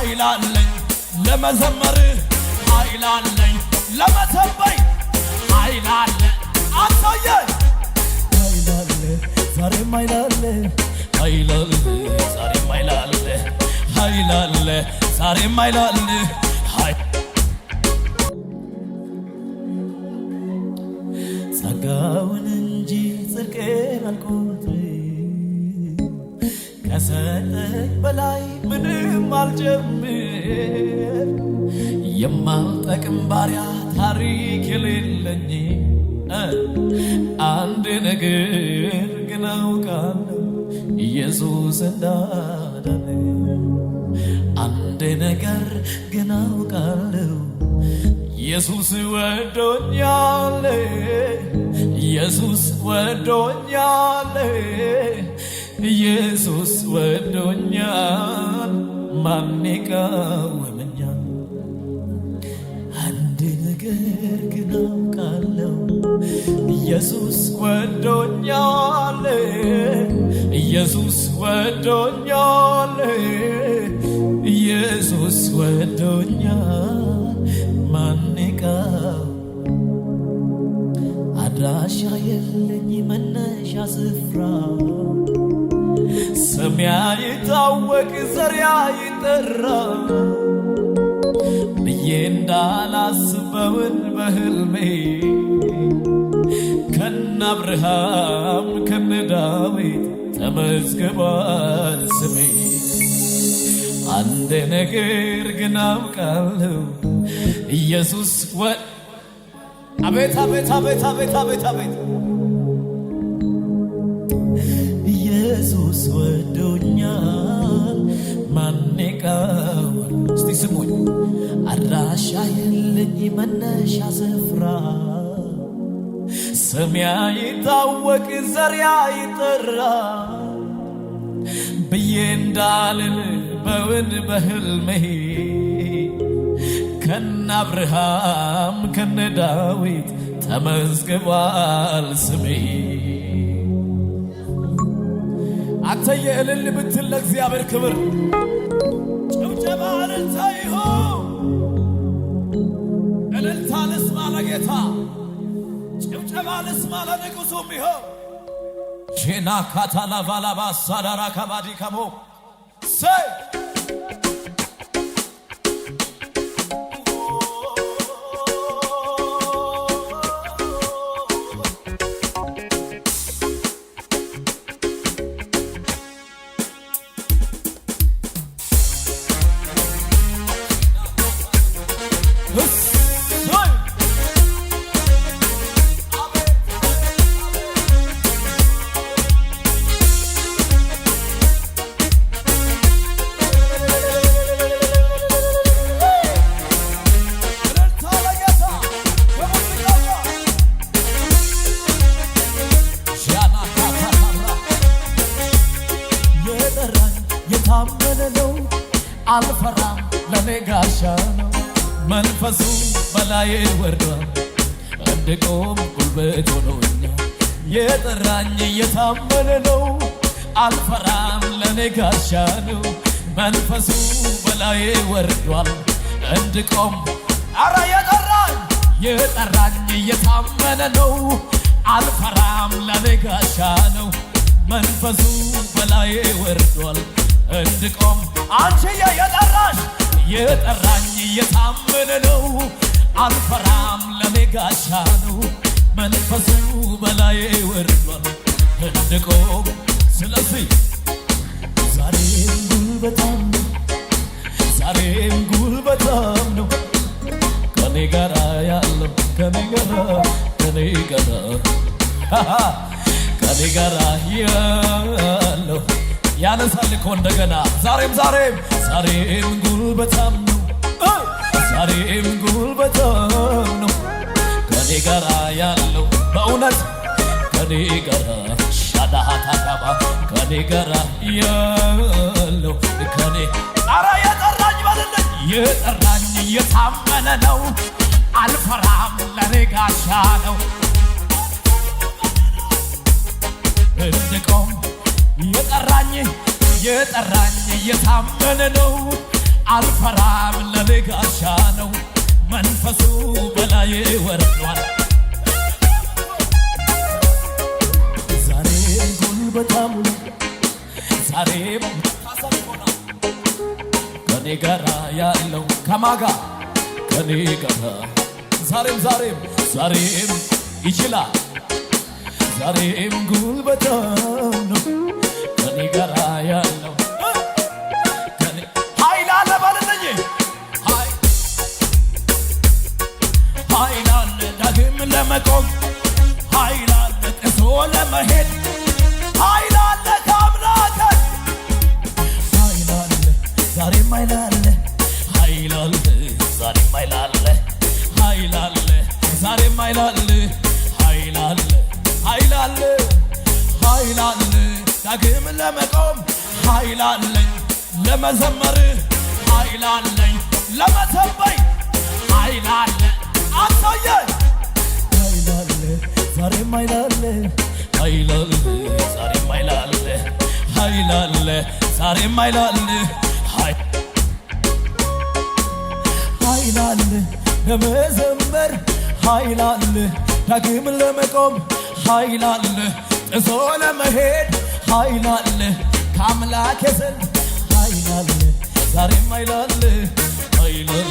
ኃይላለኝ ለመዘመርህ ኃይላለኝ ለመሰበይ ኃይላለ አሳየ ኃይላለ ዛሬም ኃይላለ ኃይላለ ዛሬም ኃይላለ ኃይላለ ዛሬም ኃይላለ ጸጋውን እንጂ ጽድቄን አልኩት ከሰጠኝ በላይ ምንም አልጀምር የማልጠቅም ባሪያ ታሪክ የሌለኝ አንድ ነገር ግን አውቃለሁ ኢየሱስ እንዳዳነኝ አንድ ነገር ግን አውቃለሁ ኢየሱስ ወዶኛል ኢየሱስ ወዶኛል ኢየሱስ ወዶኛል፣ ማን ይቃወመኛል? አንድ ነገር ግን አውቃለሁ፣ ኢየሱስ ወዶኛል፣ ኢየሱስ ወዶኛል፣ ኢየሱስ ወዶኛል፣ ማን አድራሻ የለኝ መነሻ ስፍራ ስሚያ ይታወቅ ዘሪያ ይጠራ ብዬ እንዳላስበውን በህልሜ ከነ አብርሃም ከነ ዳዊት ተመዝግቧል ስሜ። አንድ ነገር ግን አውቃለሁ ኢየሱስ ወ አቤት አቤት አቤት አቤት አቤት አቤት ኢየሱስ ወዶኛል ማኔቃወ እስቲ ስሙኝ አድራሻ የለኝ መነሻ ስፍራ ስሚያ ይታወቅ ዘሪያ ይጠራ ብዬ እንዳልል በውን በህልሜ ከነ አብርሃም ከነ ዳዊት ተመዝግቧል ስሜ አንተየ እልል ብትል ለእግዚአብሔር ክብር ጭብጨባ እልልታ ይሁን። እልልታ ልስማ ለጌታ ጭብጨባ ልስማ ለንጉሡም ይሁን። ካታላ ካታላቫላባ ሳዳራ ካባዲ ከሞ ሰይ አልቻለው መንፈሱ በላዬ ወርዷል እንድቆም አረ የጠራኝ የጠራኝ እየታመነ ነው አልፈራም ለኔ ጋሻ ነው መንፈሱ በላዬ ወርዷል እንድቆም አንቺዬ የጠራሽ የጠራኝ እየታመነ ነው አልፈራም ለኔ ጋሻ ነው መንፈሱ በላዬ ወርዷል እንድቆም ስለዚህ በጣም ነው ዛሬም ጉል ነው ከኔ ጋራ ያለው ከኔ ጋራ ከኔ ጋራ ከኔ ጋራ ያለው ያነሳል እኮ እንደገና ዛሬም ዛሬም ዛሬም ጉል በጣም ነው ዛሬም ጉል ነው ከኔ ጋራ ያለው በእውነት ከኔ ጋራ ሻዳሃታታባ ከኔ ጋራ ያ ነው ከኔ። አረ የጠራኝ በልልኝ የጠራኝ እየታመነ ነው። አልፈራም ለኔ ጋሻ ነው። እንድቆም የጠራኝ የጠራኝ እየታመነ ነው። አልፈራም ለኔ ጋሻ ነው። መንፈሱ በላይ ወርዷል። ዛሬ ጉልበታም ከኔ ጋራ ያለው ከማጋ ከኔ ጋራ ዛሬም ዛሬም ዛሬም ይችላል ዛሬም ጉልበታ ነው ከኔ ጋራ ያለው ለመቆም ኃይል አለ ጥሶ ለመሄድ ኃይል አለ ኃይላለ ኃይላለ ዛሬም ኃይላለ ኃይላለ ዛሬም ኃይላለ ኃይላለ ኃይላለ ኃይላለ ዳግም ለመቆም ኃይላለኝ ለመዘመር ኃይላለኝ ለመሰበይ ኃይላለ አሳየ ኃይላለ ዛሬም ኃይላለ ኃይላለ ዛሬም ኃይላለ ኃይላለ ዛሬም ኃይላለ ኃይል አለ ለመዘመር ኃይል አለ ዳግም ለመቆም ኃይል አለ ጥሶ ለመሄድ ኃይል አለ ከአምላክ ዘንድ ኃይል አለ ዛሬም ኃይል አለ ኃይል አለ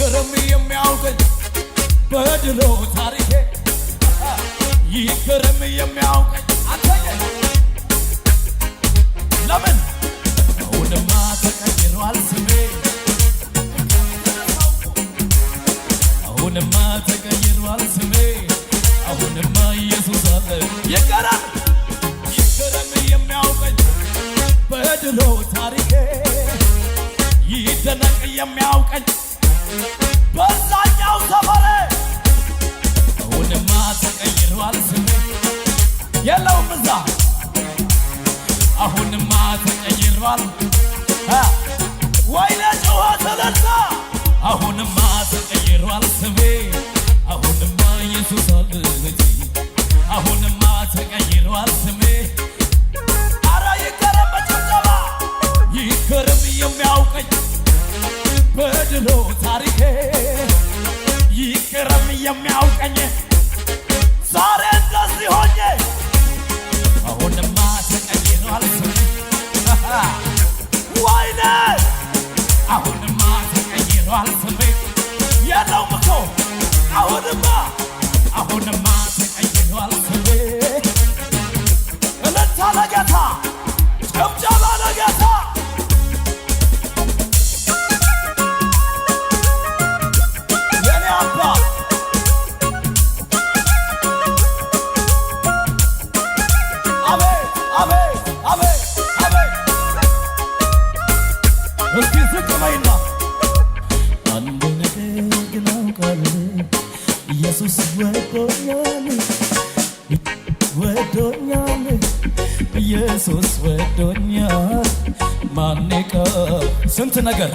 ይገርም የሚያውቀኝ በድሎ ታሪኬ ይገርም የሚያውቀኝ አንተኛ ለምን አሁንማ ተቀይሯል ስሜ አሁንማ ተቀይሯል ስሜ አሁንማ ኢየሱስ አለ ይቀራል ይገርም የሚያውቀኝ በድሎ ታሪኬ ይደነቅ የሚያውቀኝ በዛኛው ሰፈር አሁንማ ተቀይሯል ስሜ የለውም እዛ አሁንማ ተቀይሯል ወይኔ ጩኸት እልልታ አሁንማ ተቀይሯል ስሜ አሁንማ ኢየሱስ አለ ልጄ አሁንማ ተቀይሯል ስሜ ታሪኬ ይቅርም የሚያውቀኝ ዛሬ እንደዚህ ሆኜ አሁንማ ተቀይሯል ወይኔ አሁንማ ተቀይሯል ስሜ የለውም እኮ አሁንማ አሁንማ ወዶኛል፣ ኢየሱስ ወዶኛል። ማን ስንት ነገር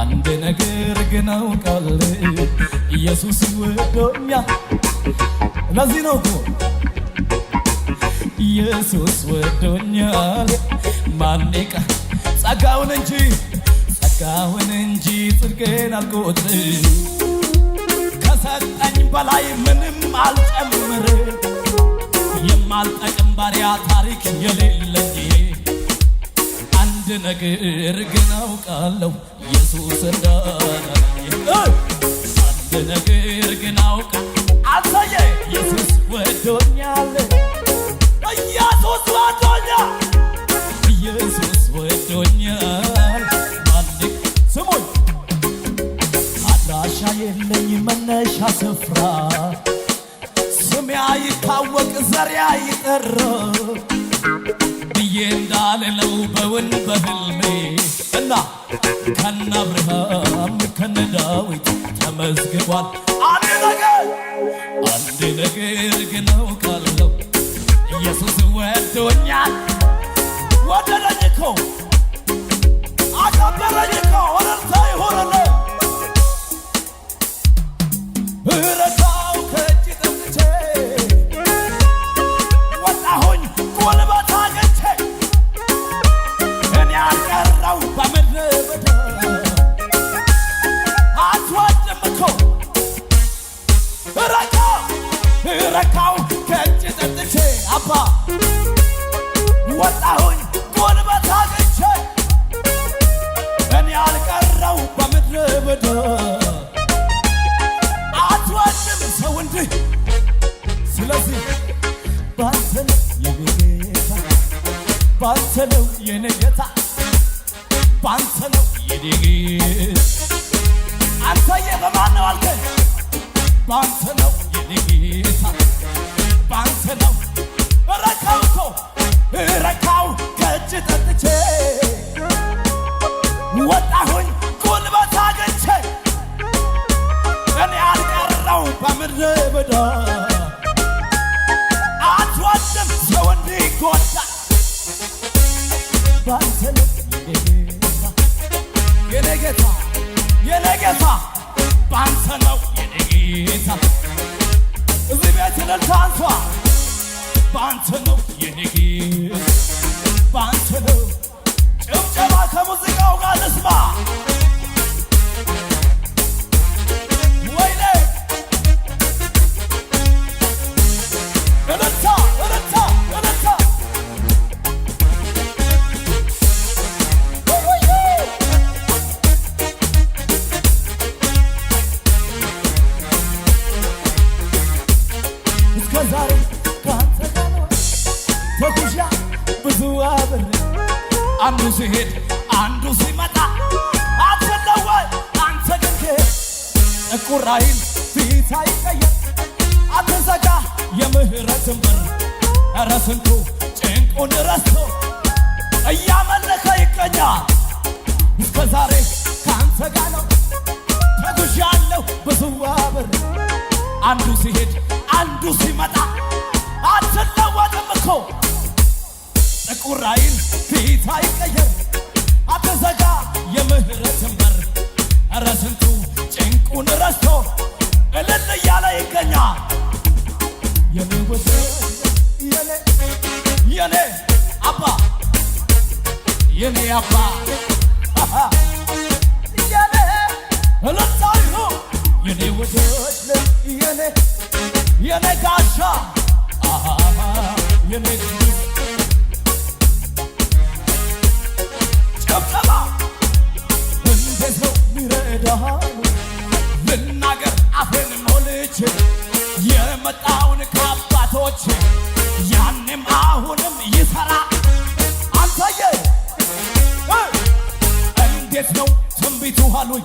አንድ ነገር ግን አውቃለሁ ኢየሱስ ወዶኛል። ለዚህ ነው እኮ ኢየሱስ ወዶኛል። ማን ቀር ጸጋውን እንጂ ጸጋውን እንጂ ጽድቄን አልቆጥርም ከሰጠኝ በላይ ምንም አልጨምርም የማልጠቅም ባሪያ ታሪክ የሌለኝ አንድ ነገር ግን አውቃለሁ ኢየሱስ እንዳዳነኝ አንድ ነገር ግን አውቃ አሰየ ኢየሱስ ወዶኛል ስሙኝ አድራሻ የለኝ መነሻ ስፍራ ስሜ አይታወቅ ዘሬ አይጠራ ብዬ እንዳልለው በውን በህልሜ እና ከነ አብርሃም ከነ ዳዊት ተመዝግቧል። አንድ ነገር አንድ ነገር ግን አውቃለሁ ኢየሱስ ወዶኛል። ወደረኝ እኮ አከበረኝ እኮ ወረርታ ይሁን ምድረ በዳ አትወድም ሰው እንዲህ ስለዚህ ባንተነው የኔጌታ ባንተነው የኔጌታ ባንተነው የኔጌታ አንተዬ በማን ነው አልከኝ ባንተነው የኔጌታ ባንተነው ረካው እኮ ረካው ከእጅ አብሬ አንዱ ሲሄድ አንዱ ሲመጣ አትፈለወ አንተ ግን እቁራይን ፊት አይቀየር አትዘጋ የምህረትን በር ኧረ ስንቱ ጭንቁን ረስቶ እያመለከ ይገኛል እስከ ዛሬ ከአንተ ጋ ነው ተጉዣለሁ ብዙ አብሬ አንዱ ሲሄድ አንዱ ሲመጣ አትለወጥም እኮ ጥቁር አይን ፊት አይቀየር አትዘጋ የምህረት በር እረ ስንቱ ጭንቁን ረስቶ እልል እያለ ይገኛል። የኔ የኔ የኔ አባ የኔ አባ የኔ እልልታዩ የኔ ወደ የኔ የኔ ጋሻ የኔ ይረዳሉ። ልናገር አፌን ሞልቼ የመጣውን ከአባቶቼ ያኔም አሁንም ይሰራ አንተዬ እንዴት ነው ትንቢቱ አሉኝ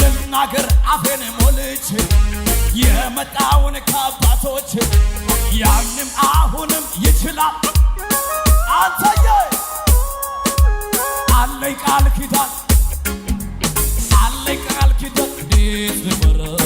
ልናገር አፌን ሞልቼ የመጣውን ከአባቶቼ ያንም አሁንም ይችላል አንተዬ አለኝ ቃል ኪዳን you just this, never